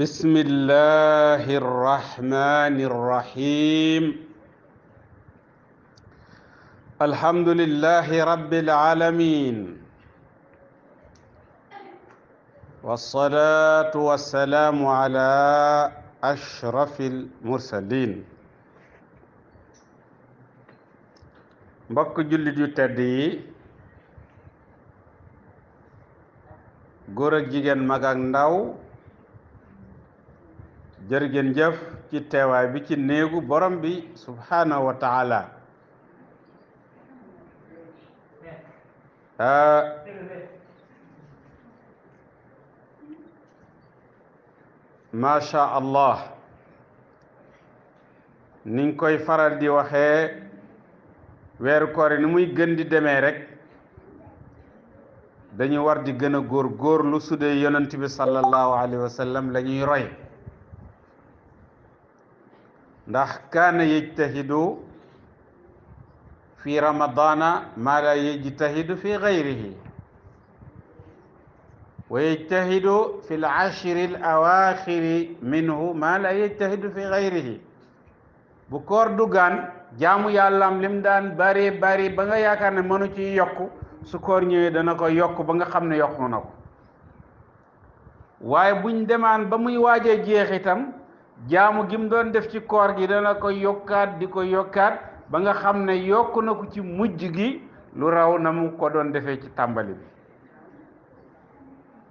بسم الله الرحمن الرحيم الحمد لله رب العالمين والصلاة والسلام على أشرف المرسلين mbokk جلد yu tedd yi góor ak jërëgéen jëf ci teewaay bi ci néegu borom bi subhaanahu wa taala ah. macha allah niñ koy faral di waxee weeru koor ni muy gën di demee rekk dañu war di gën a góor góorlu su dee yonent bi sallallahu alayhi wa sallam la ñuy roy ndax kaana yejtahidu fi ramadana ma la yejtahidu fi gayrihi ويجتهد في العشر الأواخر منه ما لا يجتهد في غيره بكور دوغان جامو يالام لم دان باري باري بغا ياكار نه منو سي يوك su koor ñëwee dana ko yokk ba nga xam ne yokku na ko waaye buñ demaan ba muy waajee jeex itam jaamu gim doon def ci koor gi dana ko yokkaat di ko yokkaat ba nga xam ne yokk na ko ci mujj gi lu raw na mu ko doon defee ci tàmbali bi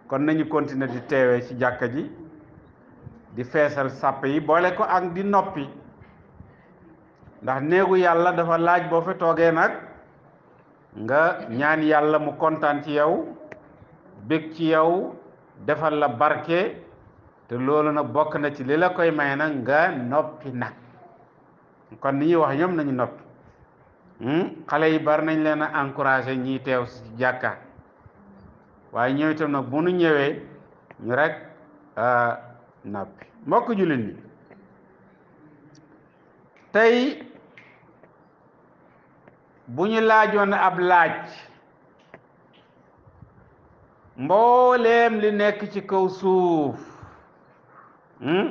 kon nañu continuer di teewee ci jàkka ji di feesal sàpp yi boole ko ak di noppi ndax néegu yàlla dafa laaj boo fi toogee nag nga ñaan yàlla mu kontaan ci yow bég ci yow defal la barke te loolu nag bokk na ci li la koy may na nga noppi nag kon ni ñuy wax ñoom nañu noppi hmm? xale yi bari nañ leen a encouragé ñiy teew si jàkka waaye ñëw nag bu nu ñëwee ñu rek noppi mbokk jullit ñi tey bu ñu laajoon ab laaj mbooleem li nekk ci kaw suuf Hmm?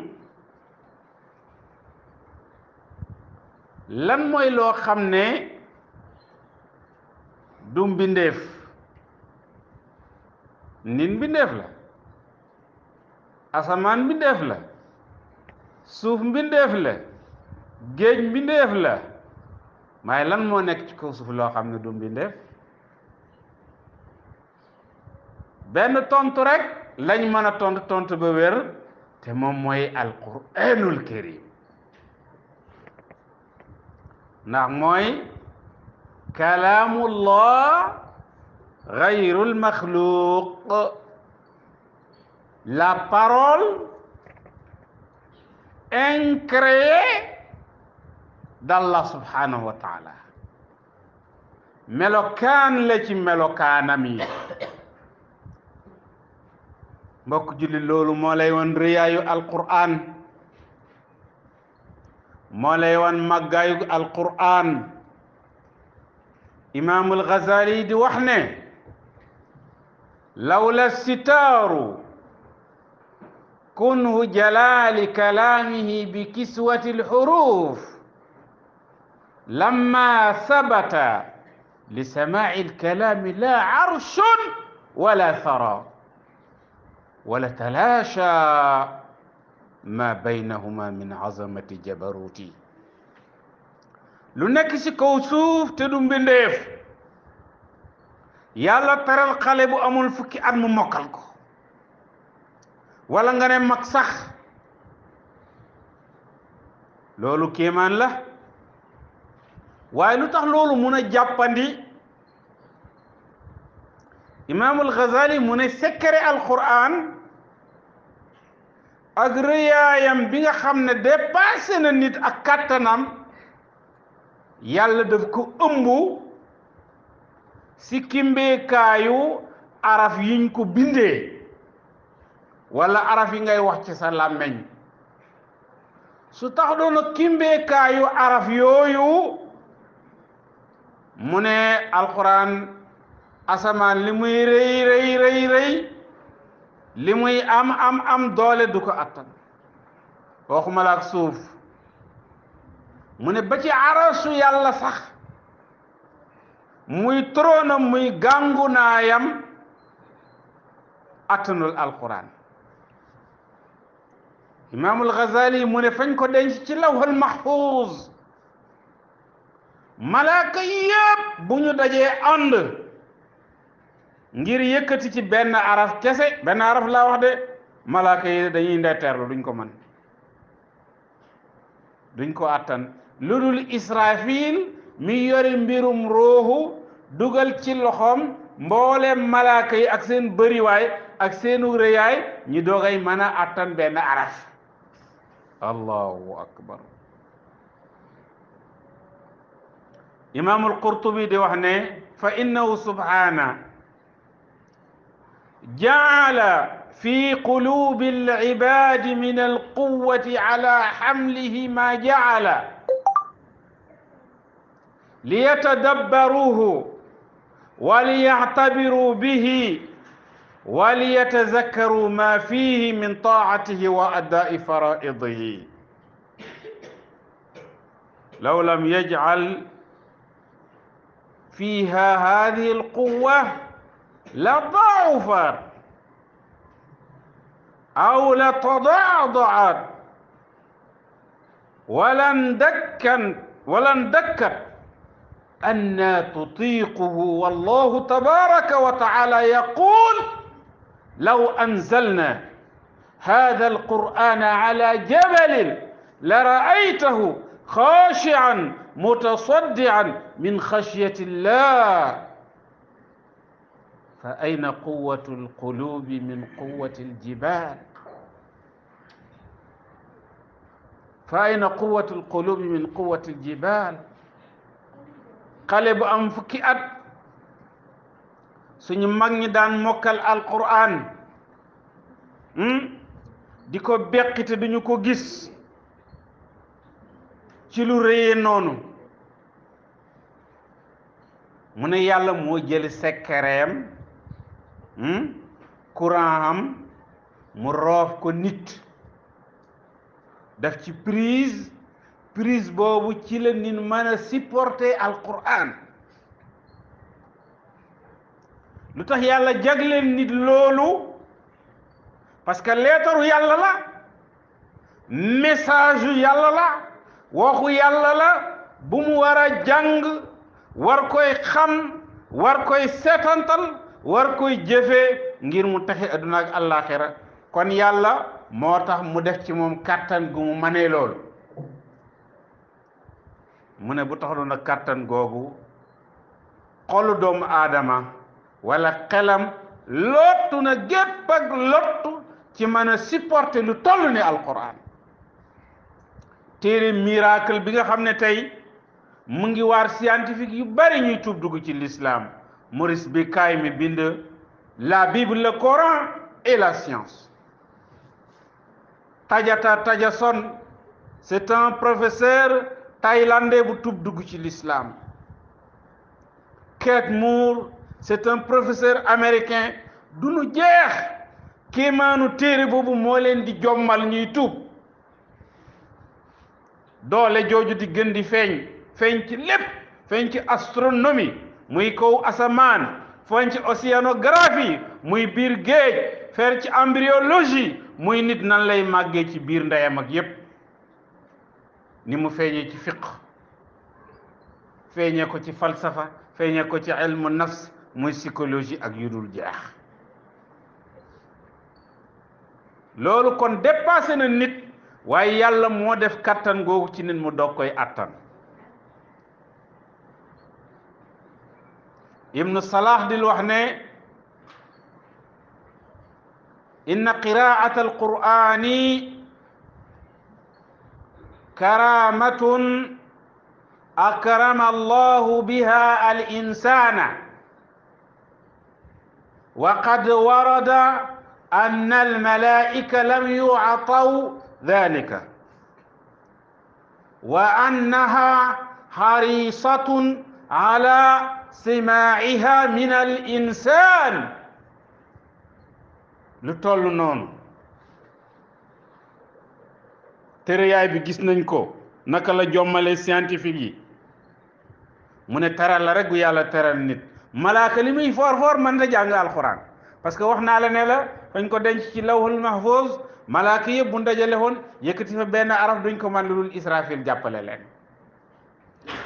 lan mooy loo xam ne du mbindeef nin mbindeef la asamaan mbindeef la suuf mbindeef la géej mbindeef la waaye lan moo nekk ci kaw suuf loo xam ne du mbindeef benn tontu rekk lañ mën a tontu tontu ba wér تمام موي القرآن الكريم نعم موي كلام الله غير المخلوق لا بارول انكري دالله سبحانه وتعالى ملوكان لكي ملوكان مي mbokk julli loolu moo lay wan rëyaayu alqur'an moo lay wan màggaayu alqur'an imam alghazali di wax ne lawla sitaaru كنه جلال كلامه بكسوة الحروف لما ثبت لسماع الكلام لا عرش ولا ثرى ولتلاشى ما بينهما من عظمة جبروتي لنك سكوسوف تدوم بنديف يالا ترى القلب أمول فكي أدم مكالك ولا نغني مكسخ لولو كيمان لا وايلو تخ لولو مونا جاباندي إمام الغزالي مونا سكري القرآن ak rëyaayam bi nga xam ne dépassé na nit ak kàttanam yàlla def ko ëmb si kimbeekaayu araf yiñ ko bindee wala araf yi ngay wax ci sa làmmeñ su tax doona kimbeekaayu araf yooyu mu ne alxuraan asamaan li muy rëy rëy rëy li muy am am am doole du ko attan waxuma la ak suuf mu ne ba ci arasu yàlla sax muy tróonam muy gàngunaayam attanul alquran imaamul Ghazali mu ne fañ ko denc ci lawhul mahfuz malaaka yépp bu ñu dajee ànd ngir yëkkati ci benn araf kese benn araf laa wax de malaaka yi dañuy ndetteerlu duñ ko mën duñ ko attan lu dul israfil mi yori mbirum ruuxu dugal ci loxoom mbooleem malaaka yi ak seen bëriwaay ak seenu rëyaay ñi doogay mën a attan benn araf allahu akbar imaamul qurtubi di wax ne fa innahu subhaana جعل في قلوب العباد من القوة على حمله ما جعل ليتدبروه وليعتبروا به وليتذكروا ما فيه من طاعته وأداء فرائضه لو لم يجعل فيها هذه القوة لضاع لتستعفر أو لتضعضعت ولن دكن ولن دكر أن تطيقه والله تبارك وتعالى يقول لو أنزلنا هذا القرآن على جبل لرأيته خاشعا متصدعا من خشية الله fa ayna quwatu alqulubi min quwati aljibal fa ayna xale bu am fukki at suñu mag ñi daan mokkal alquran hmm, di ko beqite duñu ko gis ci lu réye noonu mu ne yàlla mu jël sekkereem Hmm? courant am mu roof ko nit def ci prise prise boobu ci la nit mën a supporter alquran lu tax yàlla jagleen nit loolu parce que leetaru yàlla la message yàlla la waxu yàlla la bu mu war a jàng war koy xam war koy seetantal war koy jëfee ngir mu taxi adduna ak kon yàlla moo tax mu def ci moom kàttan gu mu manee loolu mu ne bu taxaloon ak kàttan googu xolu doomu aadama walla xelam lottu na gépp ak lottu ci mën a supporter lu toll ni alquran téere miracle bi nga xam ne tey mu ngi waar scientifique yu bari ñuy tuub dugg ci lislaam Maurice Bekaay mi binde la Bible le Coran et la science Tajata Tajason c'est un professeur thaïlandais bu tub ci l'islam Moore c'est un professeur américain du nu jeex kéemaanu téere boobu moo leen di jommal ñuy tuub doole jooju di gën di feeñ feeñ ci astronomie muy kaw asamaan fonc océanographie muy biir géej fer ci embryologie muy nit nan lay màggee ci biir ndeyam ak yépp ni mu feeñee ci fiq feeñee ko ci falsafa feeñee ko ci ilmu nafs muy psychologie ak yu dul jeex loolu kon dépassé na nit waaye yàlla moo def kàttan googu ci nit mu doog koy àttan ابن صلاح دي ان قراءه القران كرامه اكرم الله بها الانسان وقد ورد ان الملائكه لم يعطوا ذلك وانها حريصه على simaa'iha min al insaan lu toll noonu tërëyaay bi gis nañ ko naka la jommale scientifique yi mu ne teral la rek yàlla teral nit malaaka li muy foor foor mën na jàng alxuraan parce que wax naa la ne la fañ ko denc ci lawhul mahfuz malaaka yëpp mu ndajale woon yëkkati fa benn araf duñ ko mën lu dul israfil jàppale leen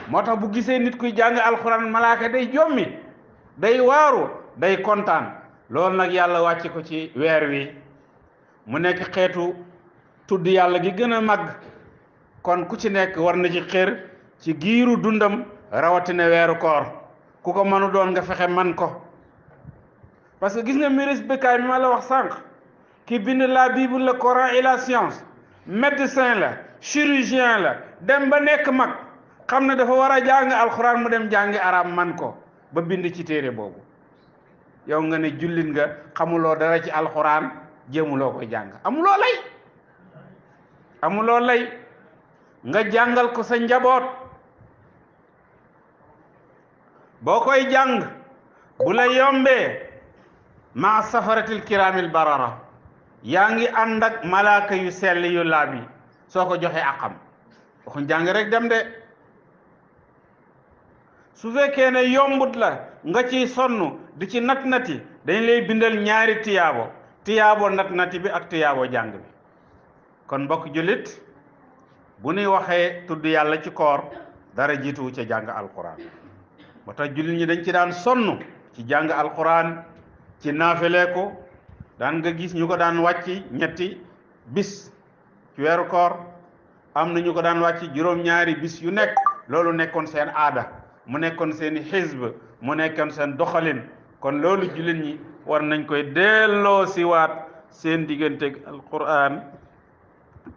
moo tax bu gisee nit kuy jàng alxuraan malaaka day jommi day waaru day kontaan loolu nag yàlla wàcce ko ci weer wi mu nekk xeetu tudd yàlla gi gën a màgg kon ku ci nekk war na ci xër ci giiru dundam rawatina weeru koor ku ko mënu doon nga fexe man ko parce que gis nga miris bëkkaay mi ma la wax sànq ki bind la bible la coran et la science médecin la chirurgien la dem ba nekk mag xam ne dafa war a jàng alxuraan mu dem jàngi arab man ko ba bind ci téere boobu yow nga ne jullit nga xamuloo dara ci alxuraan jéemuloo ko jàng amuloo lay amuloo lay nga jàngal ko sa njaboot boo koy jàng bu la yombee maa safaratil kiraamil barara yaa ngi ànd ak malaaka yu sell yu laab soo ko joxee akam waxuñ jàng rek dem de suve kene yombut la gacci sonnu di ci nat nati dañ lay bindal ñaari tiyaabo tiyaabo nat nati bi ak tiyaabo jàng bi kon mbokk julit bu nuy waxee tudd yàlla ci koor dara jiitu ca jàng alquran ba tax julit ñi dañ ci daan sonn ci jàng alquran ci naafeleeku daan nga gis ñu ko daan wàcc ñetti bis ci weeru koor am na ñu ko daan wàcc juróom-ñaari bis yu nekk loolu nekkoon seen aada mu nekkoon seeni i xisb mu nekkoon seen doxalin kon loolu jullit ñi war nañ koy delloo siwaat seen digganteeg alquran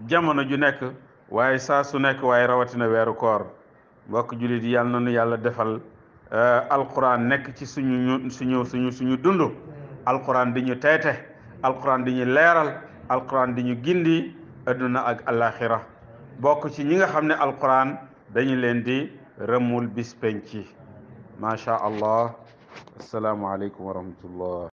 jamono ju nekk waaye saa su nekk waaye rawatina weeru koor mbokk jullit yi yàlla nañu yàlla defal euh, alquran nekk ci suñu suñu suñu suñu dund alquran di ñu teete alquran di ñu leeral alquran di ñu gindi adduna ak alaxira bokk ci ñi nga xam ne alquran dañu leen di رمول بس بنكي ما شاء الله السلام عليكم ورحمة الله